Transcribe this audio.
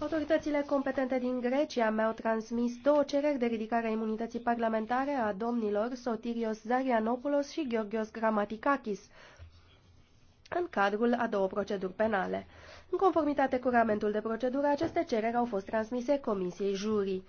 Autoritățile competente din Grecia mi-au transmis două cereri de ridicare a imunității parlamentare a domnilor Sotirios Zarianopoulos și Georgios Gramaticakis în cadrul a două proceduri penale. În conformitate cu ramentul de procedură, aceste cereri au fost transmise Comisiei Jurii.